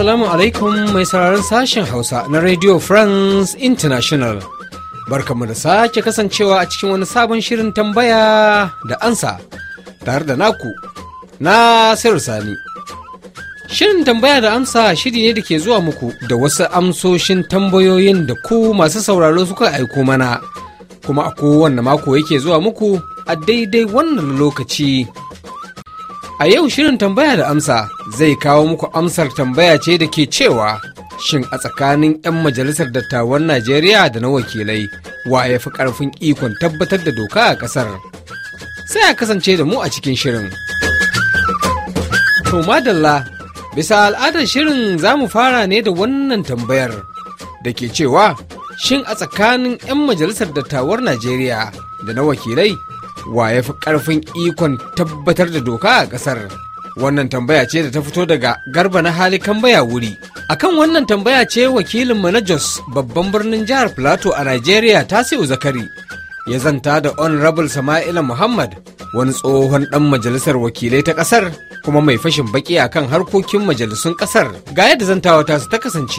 Assalamu alaikum mai sauraron sashen Hausa na Radio France International. Barkamu da sake kasancewa a cikin wani sabon shirin tambaya da ansa tare da naku na Sani. Shirin tambaya da amsa shiri ne da ke zuwa muku da wasu amsoshin tambayoyin da ku masu sauraro suka aiko mana, kuma a kowanne mako yake zuwa muku a daidai wannan lokaci. A yau shirin tambaya da amsa zai kawo muku amsar tambaya ce da ke cewa shin a tsakanin 'yan majalisar dattawan Najeriya da na wakilai wa ya fi ƙarfin ikon tabbatar da doka a ƙasar. Sai a kasance da mu a cikin shirin. To madalla, bisa al'adar shirin za mu fara ne da wannan tambayar da ke cewa shin a tsakanin 'yan majalisar dattawar Najeriya da na wakilai wa ya fi ƙarfin ikon tabbatar da doka a ƙasar? Wannan tambaya ce da ta fito daga garba na hali kambaya wuri. Akan wannan tambaya ce Wakilin Manajos, babban birnin jihar Plateau a Najeriya, ta Tasiu Zakari ya zanta da Honorable Sama'ila Muhammad wani tsohon ɗan majalisar wakilai ta ƙasar kuma mai fashin baki akan harkokin majalisun ƙasar ga yadda zantawa su ta kasance.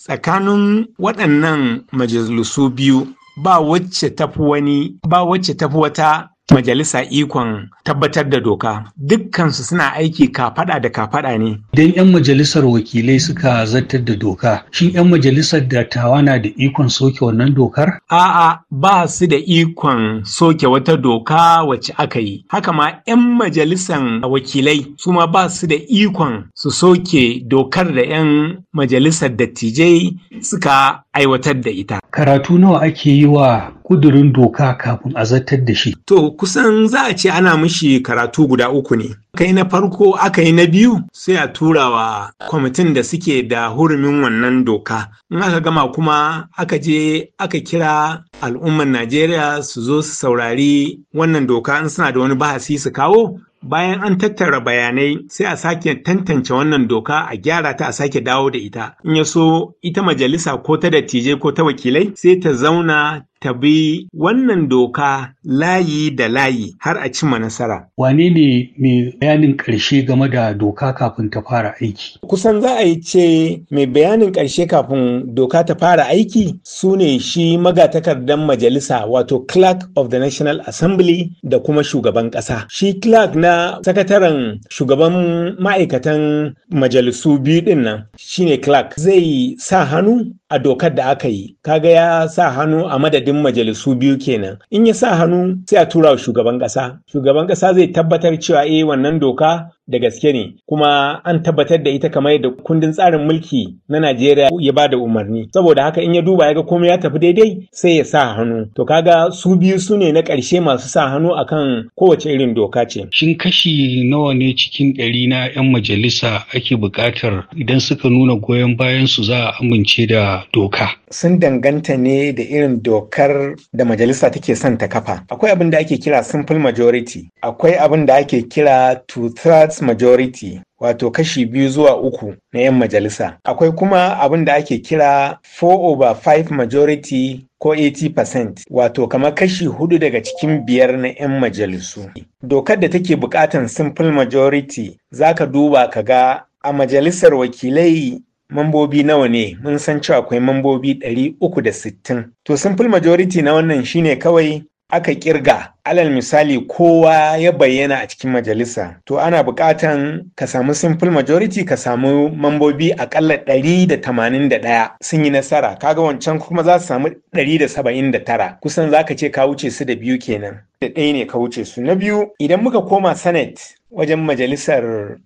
Tsakanin waɗannan majalisu biyu ba wacce tafi wani ba wacce tafi wata majalisa ikon tabbatar da doka dukkansu suna aiki kafada da kafada ne idan 'yan majalisar wakilai suka zartar da doka shin 'yan majalisar dattawa na da ikon soke wannan dokar a'a ba su da ikon soke wata doka wacce aka yi haka ma 'yan majalisan wakilai su ma ba su da ikon su soke dokar da 'yan majalisar dattijai suka aiwatar da ita karatu nawa ake yi wa kudurin doka kafin a zartar da shi? To kusan za a ce ana mishi karatu guda uku ne. Kai na farko aka yi na biyu sai a tura wa kwamitin da suke da hurumin wannan doka. In aka gama kuma aka je aka kira al'umman Najeriya su zo su saurari wannan doka in suna da wani bahasi su kawo bayan an tattara bayanai sai a sake tantance wannan doka a gyara ta a sake dawo da ita in ya so ita majalisa ko ta dattijai ko ta wakilai sai ta zauna ta bi wannan doka layi da layi har a cima nasara. Wane ne mai bayanin ƙarshe game da doka kafin ta fara aiki? Kusan za a yi ce mai bayanin ƙarshe kafin doka ta fara aiki su ne shi magatakardan majalisa wato clerk of the National Assembly da kuma shugaban ƙasa. Shi clerk na sakataren shugaban ma'aikatan majalisu biyu ɗin nan shine clerk zai sa hannu a dokar da aka yi kaga ya sa hannu a madadin majalisu biyu kenan in ya sa hannu sai a tura shugaban kasa shugaban kasa zai tabbatar cewa eh wannan doka da gaske ne kuma an tabbatar da ita kamar da kundin tsarin mulki na Najeriya ya ba da umarni saboda haka in ya duba ya ga komai ya tafi daidai sai ya sa hannu to kaga su biyu su ne na ƙarshe masu sa hannu akan kowace irin doka ce shin kashi nawa ne cikin ɗari na 'yan majalisa ake buƙatar idan suka nuna goyon bayan su za a amince da doka sun danganta ne da irin dokar da majalisa take son ta kafa akwai abin da ake kira simple majority akwai abin da ake kira two thirds majority wato kashi biyu zuwa uku na 'yan majalisa. Akwai kuma abin da ake kira 4 over 5 majority ko 80% wato kama kashi hudu daga cikin biyar na 'yan majalisu. Dokar da take bukatan simple majority za ka duba ka ga a majalisar wakilai mambobi nawa ne mun san cewa akwai mambobi 360 to simple majority na wannan shine kawai aka kirga alal misali kowa ya bayyana a cikin majalisa to ana bukatan ka samu simple majority ka samu mambobi akalla 181 sun yi nasara kaga wancan kuma za su samu 179 kusan za ka ce ka wuce su da biyu kenan da ɗaya ne ka wuce su na biyu idan muka koma senate wajen majalisar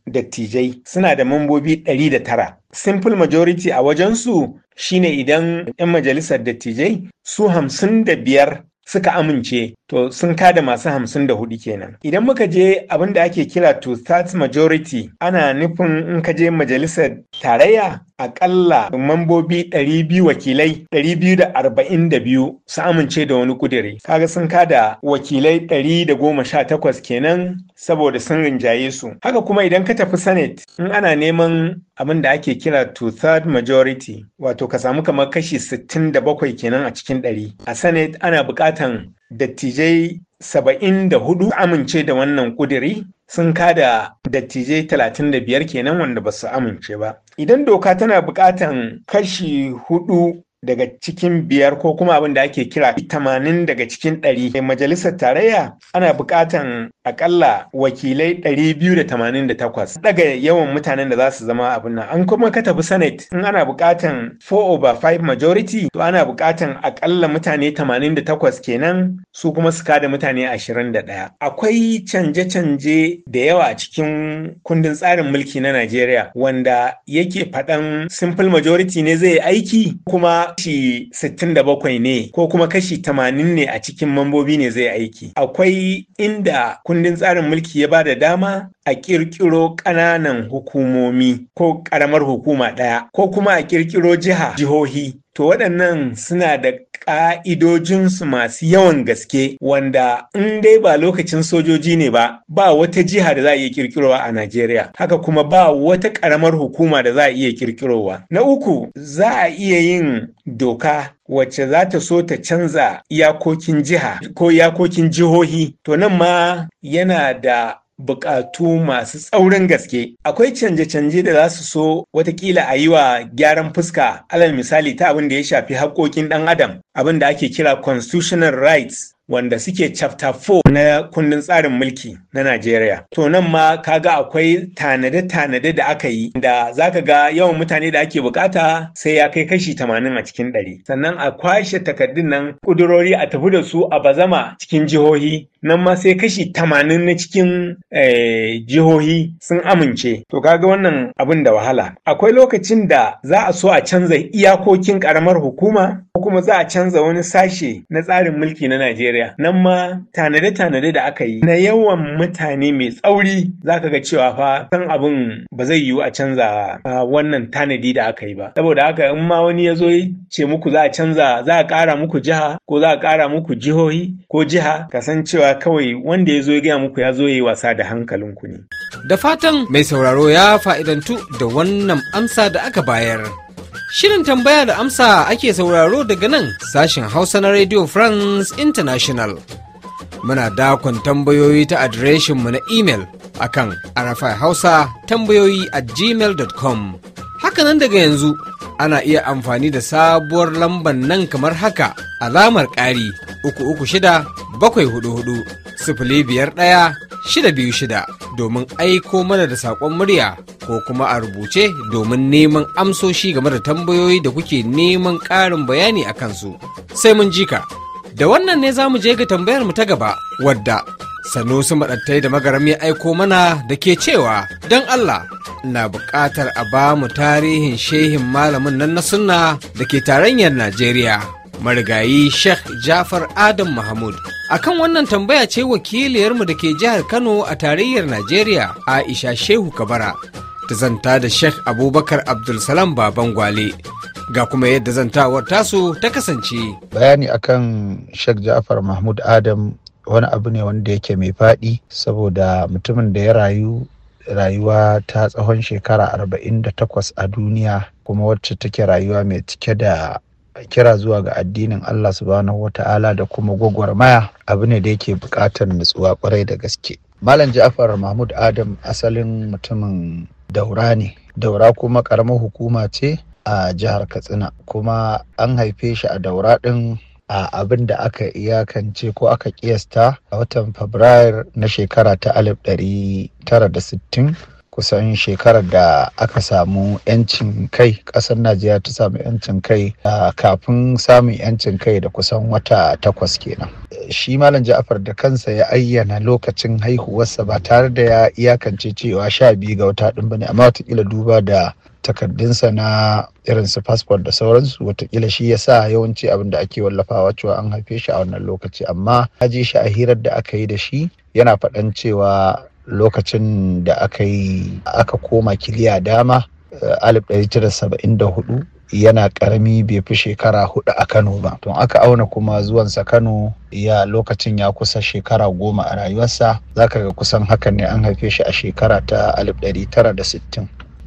dattijai suna da mambobi 109 simple majority a wajensu shine idan 'yan majalisar dattijai su hamsin da biyar suka amince to sun kada masu hamsin da hudu kenan idan muka je abin da ake kira to start majority ana nufin in ka je majalisar tarayya akalla mambobi 200 wakilai 242 su amince da wani kudiri kaga sun kada wakilai 118 kenan saboda sun rinjaye su haka kuma idan ka tafi senate in ana neman abin da ake kira to third majority wato ka samu kamar kashi 67 kenan a cikin 100 a senate ana bukatan dattijai saba'in da hudu amince da wannan kuduri sun kada dattijai talatin da biyar kenan wanda ba su amince ba. Idan doka tana bukatan kashi hudu daga cikin biyar ko kuma abin da ake kira tamanin daga cikin ɗari. Mai Majalisar tarayya ana bukatan akalla wakilai ɗari biyu da tamanin da takwas. Daga yawan mutanen da za su zama abin nan. An kuma ka tafi Senate in ana bukatan 4 over 5 majority to ana bukatan akalla mutane tamanin da takwas kenan su kuma su kada mutane ashirin da ɗaya. Akwai canje-canje da yawa a cikin kundin tsarin mulki na Najeriya wanda yake faɗan simple majority ne zai aiki kuma kashi 67 ne ko kuma kashi 80 ne a cikin mambobi ne zai aiki akwai inda kundin tsarin mulki ya ba da dama a kirkiro ƙananan hukumomi ko ƙaramar hukuma ɗaya ko kuma a kirkiro jiha jihohi to waɗannan suna da ƙa'idojinsu masu yawan gaske wanda in dai ba lokacin sojoji ne ba ba wata jiha da za a iya kirkirowa a Najeriya haka kuma ba wata ƙaramar hukuma da za a iya kirkirowa. Na uku za a iya yin doka wacce za ta so ta canza iyakokin jiha ko iyakokin jihohi to nan ma yana da bukatu masu tsaurin gaske akwai canje-canje da za su so watakila a yi wa gyaran fuska alal misali ta abin da ya shafi haƙoƙin ɗan adam abin da ake kira constitutional rights wanda suke chapter 4 na kundin tsarin mulki na Najeriya. To nan ma kaga akwai tanade-tanade da aka yi da zaka ga yawan mutane da ake bukata sai ya kai kashi 80 a cikin ɗari. Sannan a kwashe takardun nan kudurori a tafi da su a bazama cikin jihohi nan ma sai kashi 80 na cikin eh, jihohi sun amince. To kaga wannan abin da wahala. Akwai lokacin da za a so a canza iyakokin karamar hukuma kuma za a canza wani sashe na tsarin mulki na Najeriya nan ma tanade-tanade da aka yi na yawan mutane mai tsauri za ka ga cewa fa san abin ba zai yiwu a canza wannan tanadi da aka yi ba saboda haka in ma wani ya zo ce muku za a canza za a ƙara muku jiha ko za a ƙara muku jihohi ko jiha ka san cewa kawai wanda ya zo ya gaya muku ya zo ya yi wasa da hankalin ku ne. Da fatan mai sauraro ya fa'idantu da wannan amsa da aka bayar. Shirin tambaya da amsa ake sauraro daga nan sashen Hausa na Radio France International. Muna dakon tambayoyi ta adireshinmu na imel akan kan hausa tambayoyi a gmail.com. Hakanan daga yanzu ana iya amfani da sabuwar lambar nan kamar haka alamar ƙari uku uku shida bakwai hudu hudu sifili biyar ɗaya shida biyu shida domin aiko mana da saƙon murya ko kuma a rubuce domin neman amsoshi game da tambayoyi da kuke neman ƙarin bayani a kansu. Sai mun jika. Da wannan ne za mu je ga tambayar mu ta gaba wadda Sanusi maɗattai da magaram ya aiko mana da ke cewa don Allah na buƙatar a ba mu tarihin shehin malamin nan na sunna da ke tarayyar Najeriya. Marigayi Sheikh Jafar Adam Mahmud. akan wannan tambaya ce wakiliyarmu da ke jihar kano a tarayyar najeriya aisha shehu kabara ta zanta da Sheikh Abubakar Abdulsalam Baban Gwale. Ga kuma yadda zantawar tasu ta kasance. Bayani akan Sheikh Ja'far Mahmud Adam wani abu ne wanda yake mai faɗi saboda mutumin da ya rayu rayuwa ta tsawon shekara 48 a duniya kuma wacce take rayuwa mai cike da kira zuwa ga addinin Allah subhanahu wa ta'ala da kuma gwagwarmaya abu ne da yake buƙatar nutsuwa kwarai da gaske. Malam Ja'far Mahmud Adam asalin mutumin daura ne daura kuma karamar hukuma ce a jihar katsina kuma an haife shi a daura ɗin a abin da aka iyakance ko aka kiyasta a watan fabrair na shekara ta 1960 kusan shekarar da aka samu 'yancin kai ƙasar najeriya ta samu 'yancin kai kafin samun 'yancin kai da kusan wata takwas kenan shi malam ja'afar da kansa ya ayyana lokacin haihuwarsa ba tare da ya iyakance cewa sha biyu ga wata ɗin bane amma watakila duba da takardunsa na irin su fasfon da sauransu watakila shi ya sa yawanci abin da ake wallafawa cewa an haife shi a wannan lokaci amma ya je shi a hirar da aka yi da shi yana faɗan cewa lokacin da aka aka koma kiliya dama eh, hudu, yana karami bai fi shekara hudu a kano ba to aka auna kuma zuwansa kano ya lokacin ya kusa shekara goma a rayuwarsa Za ka ga kusan hakan ne an haife shi a shekara ta 1960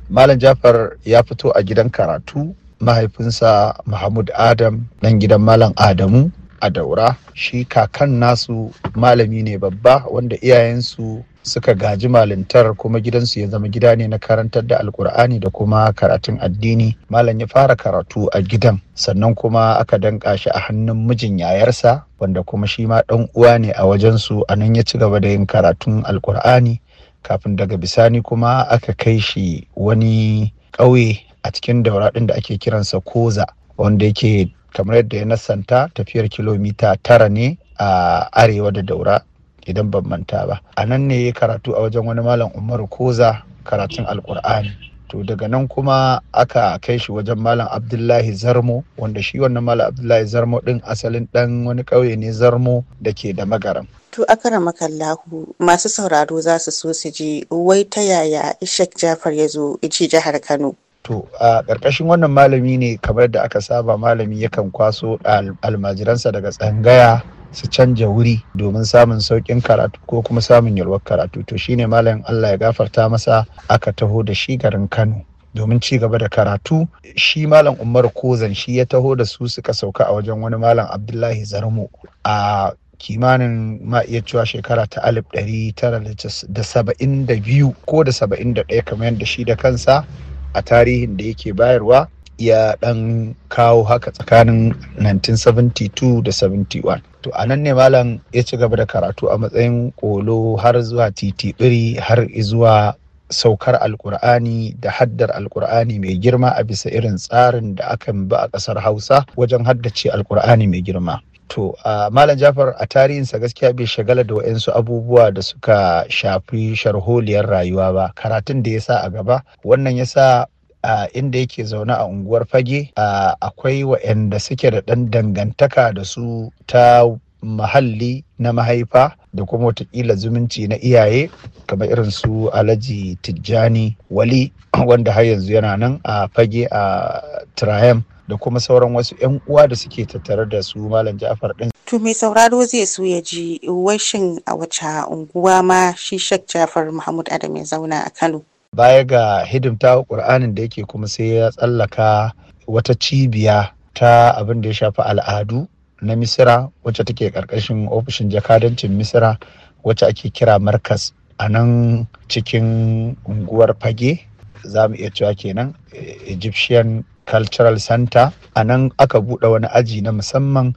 malam jafar ya fito a gidan karatu mahaifinsa mahmud adam dan gidan malam adamu a daura shi kakan nasu malami ne babba wanda iyayensu suka gaji malintar kuma gidansu ya zama gida ne na karantar da alkur'ani da kuma karatun addini malam ya fara karatu a gidan sannan kuma aka danka shi a hannun mijin yayarsa wanda kuma shi ma ɗan uwa ne a wajensu a nan ya ci gaba da yin karatun alkur'ani kafin daga bisani kuma aka kai shi wani ƙauye a cikin daura ɗin da ake kiransa koza wanda yake kamar yadda ya nasanta tafiyar kilomita tara ne a arewa da daura idan ban manta ba a nan ne ya karatu a wajen wani malam umaru koza karatun alkur'ani to daga nan kuma aka kai shi wajen malam abdullahi zarmo wanda shi wannan malam abdullahi zarmo din asalin dan wani ƙauye ne zarmo da ke da magaram to a karan makallahu masu sauraro za su so su je, wai ta yaya ishak jafar ya zo ici jihar kano to a ƙarƙashin wannan malami ne kamar da aka saba malami yakan kwaso almajiransa daga tsangaya su canja wuri domin samun sauƙin karatu ko kuma samun yalwar karatu to shine malamin Allah ya gafarta masa aka taho da shi garin Kano domin ci gaba da karatu shi malam Umar Kozan shi ya taho da su suka sauka a wajen wani malam Abdullahi Zarmo a kimanin ma iya cewa shekara ta alif ɗari tara da saba'in da biyu ko da saba'in da ɗaya kamar yadda shi da kansa a tarihin da yake bayarwa ya ɗan kawo haka tsakanin 1972 da 71 to a nan ne malam ya ci gaba da karatu a matsayin kolo har zuwa titibiri har zuwa saukar alkur'ani da haddar alkur'ani mai girma a bisa irin tsarin da aka bi a ƙasar hausa wajen haddace alkur'ani mai girma to uh, malam jafar a tarihinsa gaskiya bai shagala da wa'yansu abubuwa da suka shafi sharholiyar rayuwa ba karatun da ya sa a gaba wannan ya sa a inda yake zaune a unguwar fage akwai waɗanda suke da ɗan dangantaka da su ta mahalli na mahaifa da kuma watakila zumunci na iyaye kamar irin su alhaji tijjani wali wanda har yanzu yana nan a fage a triam da kuma sauran wasu 'yan uwa da suke tattare da su malam ja'far din to mai sauraro zai so ya ji washin a wace unguwa ma shi shek ja'far muhammad adam ya zauna a kano baya ga hidimta ƙur'anin da yake kuma sai ya tsallaka wata cibiya ta abin da ya shafi al'adu na misira wacce take ƙarƙashin ofishin jakadancin misira wacce ake kira markas a nan cikin unguwar fage za mu iya cewa kenan eh, egyptian cultural center a nan aka buɗe wani aji na musamman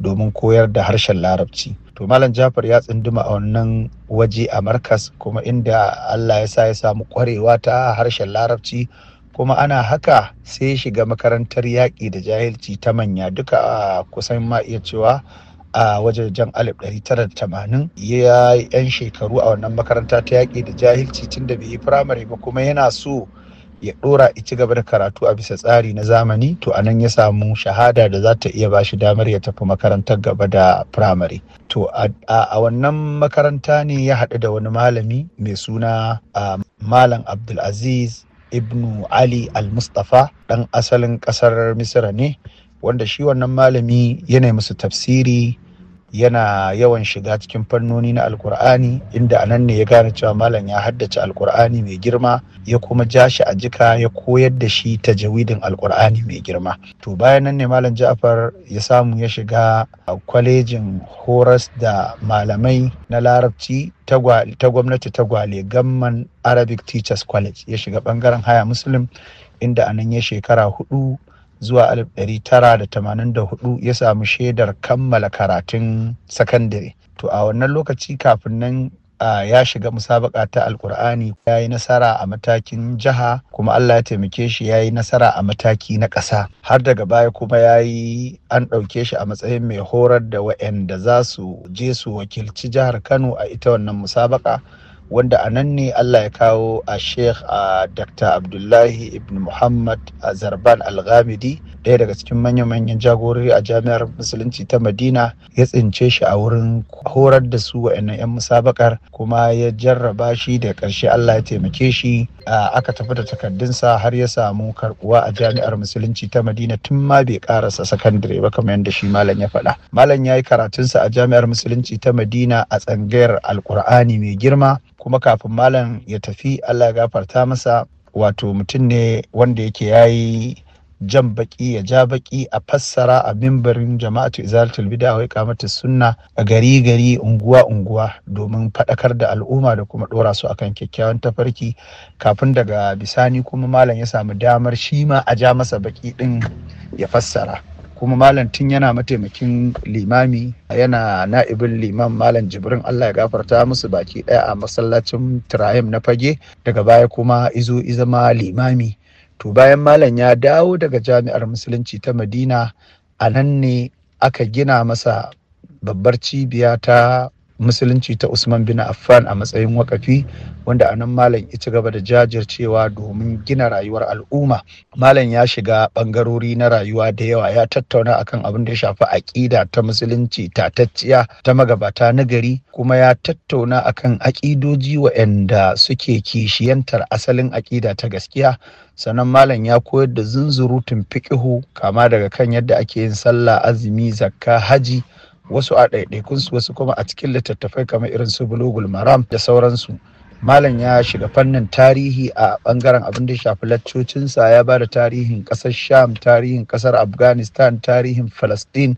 domin koyar da harshen larabci to malam jafar ya tsinduma a wannan waje a markas kuma inda allah ya sa ya samu kwarewa ta harshen larabci kuma ana haka sai ya shiga makarantar yaƙi da jahilci ta manya duka a kusan ma iya cewa a jan 1980 ya yi yan shekaru a wannan makaranta ta yaƙi da jahilci tun da bai yi firamare ba kuma yana so ya dora ya ci gaba da karatu a bisa tsari na zamani to a nan ya samu shahada da za ta iya ba shi damar ya tafi makarantar gaba da firamare to a wannan makaranta ne ya haɗu da wani malami mai suna malam abdulaziz ibnu ali al-mustafa ɗan asalin ƙasar misira ne wanda shi wannan malami yana musu tafsiri yana yawan shiga cikin fannoni na alkur'ani inda anan ne ya gane cewa malam ya haddace alkur'ani mai girma ya kuma ja shi a jika ya koyar da shi tajawidin alkur'ani mai girma to bayan nan ne malam ja'far ya samu ya shiga kwalejin horas da malamai na larabci ta gwamnati ta gwale gamman arabic teachers college ya shiga bangaren haya muslim inda anan ya shekara hudu zuwa 1984 ya samu shaidar kammala karatun sakandare to a wannan lokaci kafin nan ya shiga musabaka ta alkur'ani ya yi nasara a matakin jiha kuma allah ya taimake shi ya yi nasara a mataki na ƙasa har daga baya kuma ya yi an ɗauke shi a matsayin mai horar da wa'anda za su je su wakilci jihar kano a ita wannan musabaka wanda a nan ne Allah ya kawo a Sheikh a Dr. Abdullahi ibn Muhammad a Zarban Al-Ghamidi ɗaya daga cikin manya-manyan jagorori a jami'ar musulunci ta madina ya tsince shi a wurin horar da su wa'annan 'yan musabakar kuma ya jarraba shi da ƙarshe allah ya taimake shi aka tafi da takardunsa har ya samu karbuwa a jami'ar musulunci ta madina tun ma bai karasa sakandare ba kamar yadda shi malam ya faɗa malam ya yi karatunsa a jami'ar musulunci ta madina a tsangayar alkur'ani mai girma kuma kafin malam ya tafi allah ya gafarta masa wato mutum ne wanda yake yayi jan baki ya ja baki a fassara a mimbarin jama'atu izalatul bid'a wa mata sunna a gari gari unguwa unguwa domin faɗakar da al'umma da kuma ɗora su akan kyakkyawan tafarki kafin daga bisani kuma malam ya samu damar shi ma a ja masa baki din ya fassara kuma malam tun yana mataimakin limami yana na'ibin liman malam jibrin allah ya gafarta musu baki ɗaya a masallacin tirayim na fage daga baya kuma izo izama limami to bayan malam ya dawo daga jami'ar musulunci ta madina a nan ne aka gina masa babbar cibiya ta musulunci ta usman bin affan a matsayin wakafi wanda anan malam ya ci gaba da jajircewa domin gina rayuwar al'umma malam ya shiga bangarori na rayuwa da yawa ya tattauna akan abin da ya shafi aƙida ta musulunci tatacciya ta magabata na gari kuma ya tattauna akan aƙidoji waɗanda suke kishiyantar asalin aƙida ta gaskiya sannan malam ya koyar da zunzurutun fiƙihu kama daga kan yadda ake yin sallah azumi zakka haji wasu a ɗaiɗaikunsu wasu kuma a cikin littattafai kamar irin su bulugul maram da sauransu malam ya shiga fannin tarihi a bangaren abin da shafi laccocinsa ya ba da tarihin ƙasar sham tarihin ƙasar afghanistan tarihin falastin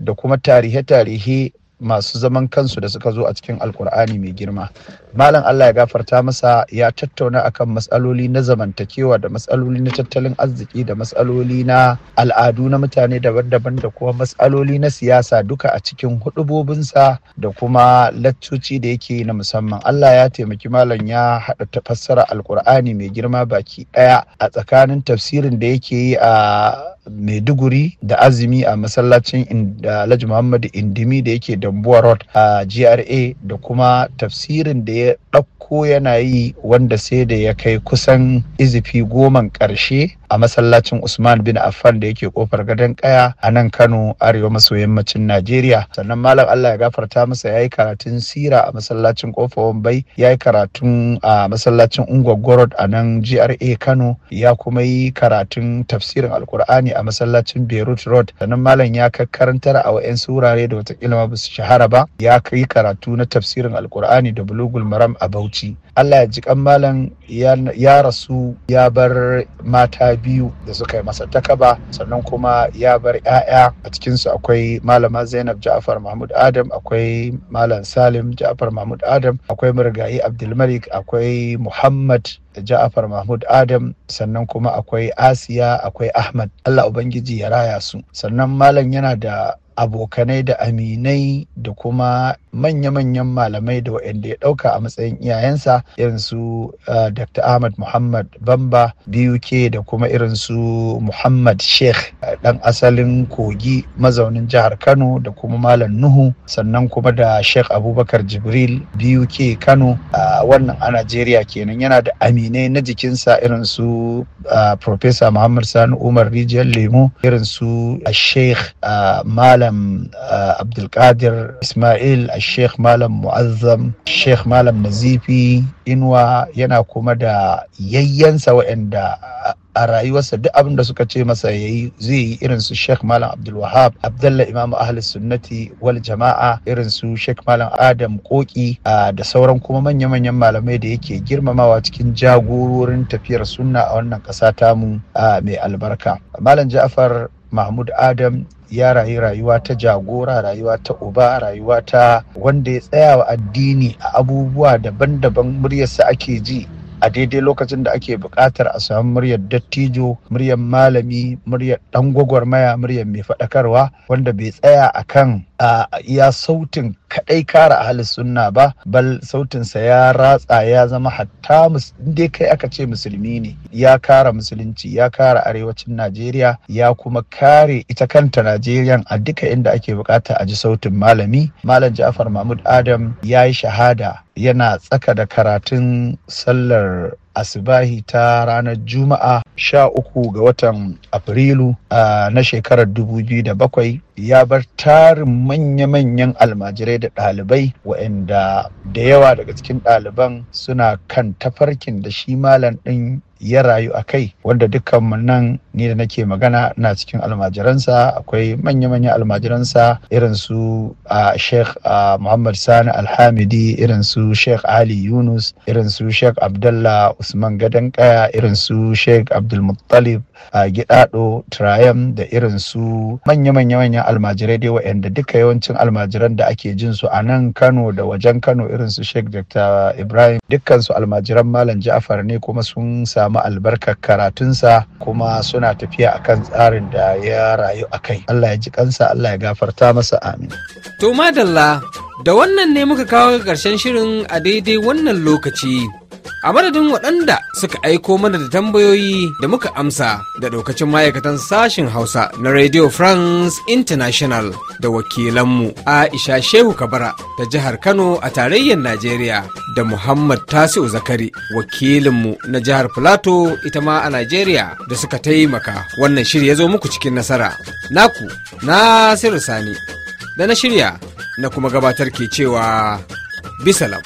da kuma tarihe-tarihe masu zaman kansu da suka zo a cikin alkur'ani mai girma malam Allah ya gafarta masa ya tattauna akan matsaloli na zamantakewa da matsaloli na tattalin arziki da matsaloli na al'adu na mutane daban-daban da kuma matsaloli na siyasa duka a cikin hudubobinsa da kuma laccoci da yake na musamman Allah ya taimaki malam ya haɗa ta fassara alkur'ani mai girma baki ɗaya a tsakanin tafsirin da yake yi a maiduguri da azumi a masallacin alhaji muhammadu indimi da yake dambuwa road a gra da kuma tafsirin da ya ya ɗauko yana yi wanda sai da ya kai kusan izifi goman ƙarshe a masallacin Usman bin Affan da yake kofar gadon kaya a nan Kano arewa maso yammacin Najeriya sannan malam Allah ya gafarta masa ya yi karatun sira a masallacin kofar Wambai yi karatun a masallacin Ungwagorod a nan GRA Kano ya kuma yi karatun tafsirin Alkur'ani a masallacin Beirut Road sannan malam ya kakkarantar a wa'yansu surare da watakila ba su shahara ba ya kai karatu na tafsirin Alkur'ani da Bulugul Maram a Bauchi allah ya ji kammalan ya rasu ya bar mata biyu da suka yi masa takaba sannan kuma ya bar 'ya'ya a cikinsu akwai malama zainab ja'afar mahmud adam akwai malam salim ja'afar mahmud adam akwai marigayi abdulmalik akwai muhammad Ja'afar Mahmud Adam sannan kuma akwai Asiya akwai Ahmad Allah Ubangiji ya raya su sannan malam yana da abokanai da aminai da kuma manya-manyan malamai da waɗanda ya ɗauka a matsayin iyayensa irin su uh, dr ahmad muhammad bamba buk da kuma irin su muhammad sheikh uh, ɗan asalin kogi mazaunin jihar kano da kuma malam nuhu sannan kuma da sheikh abubakar jibril buk kano uh, wannan a najeriya kenan yana da aminai na jikinsa irin su professor muhammad sani umar rijiyar lemo irin su sheikh malam malam abdulkadir ismail sheikh malam mu'azzam sheikh malam nazifi inuwa yana kuma da yayyansa waɗanda a rayuwarsa duk abin da suka ce masa ya yi zai yi irin su Sheikh Malam Abdul Wahab, Abdalla Imam Ahli Sunnati wal Jama'a, irin su Sheikh Malam Adam Koki da sauran kuma manya-manyan malamai da yake girmamawa cikin jagororin tafiyar sunna a wannan ƙasa tamu mai albarka. Malam Ja'far mahmud adam ya rayu rayuwa ta jagora rayuwa ta uba rayuwa ta wanda ya tsaya wa addini a abubuwa daban-daban muryarsa ake ji a daidai lokacin da ake buƙatar a samu muryar dattijo muryar malami muryar ɗan gwagwarmaya muryar mai faɗakarwa wanda bai tsaya a kan ya sautin kaɗai kara ahli sunna ba bal sautinsa ya ratsa ya zama hatta dai kai aka ce musulmi ne ya kara musulunci ya kara arewacin najeriya ya kuma kare ita kanta najeriyan a duka inda ake bukata a ji sautin malami malam ja'far mahmud adam ya yi shahada yana tsaka da karatun sallar asibahi ta ranar juma'a sha uku ga watan afrilu na shekarar dubu biyu da bakwai, ya bar tarin manya-manyan almajirai da ɗalibai waɗanda da yawa daga cikin ɗaliban suna kan tafarkin da shi malam ɗin ya rayu a kai wanda dukkan nan ni da nake magana na cikin almajiransa akwai manya-manya almajiransa irin su a sheikh muhammad sani alhamidi irin sheikh ali yunus irin su sheikh abdullah usman gadon kaya irin su sheikh abdulmuttalib a gidado trayam da irin su manya-manya almajirai dai waɗanda duka yawancin almajiran da ake jin su a nan kano da wajen kano irin sheikh dr ibrahim dukkan su almajiran malam ja'far ne kuma sun samu samu albarkar karatunsa kuma suna tafiya akan tsarin da ya rayu a kai Allah ya ji kansa Allah ya gafarta masa amin to madalla da wannan ne muka kawo ƙarshen shirin a daidai wannan lokaci a madadin waɗanda suka aiko mana da tambayoyi da muka amsa da ɗaukacin ma'aikatan sashen hausa na radio france international da wakilanmu aisha shehu kabara ta jihar kano a tarayyar najeriya da muhammad tasiu zakari wakilinmu na jihar plateau ita ma a najeriya da suka taimaka wannan shirya zo muku cikin nasara naku nasiru sani da na shirya na kuma gabatar ke cewa bisalam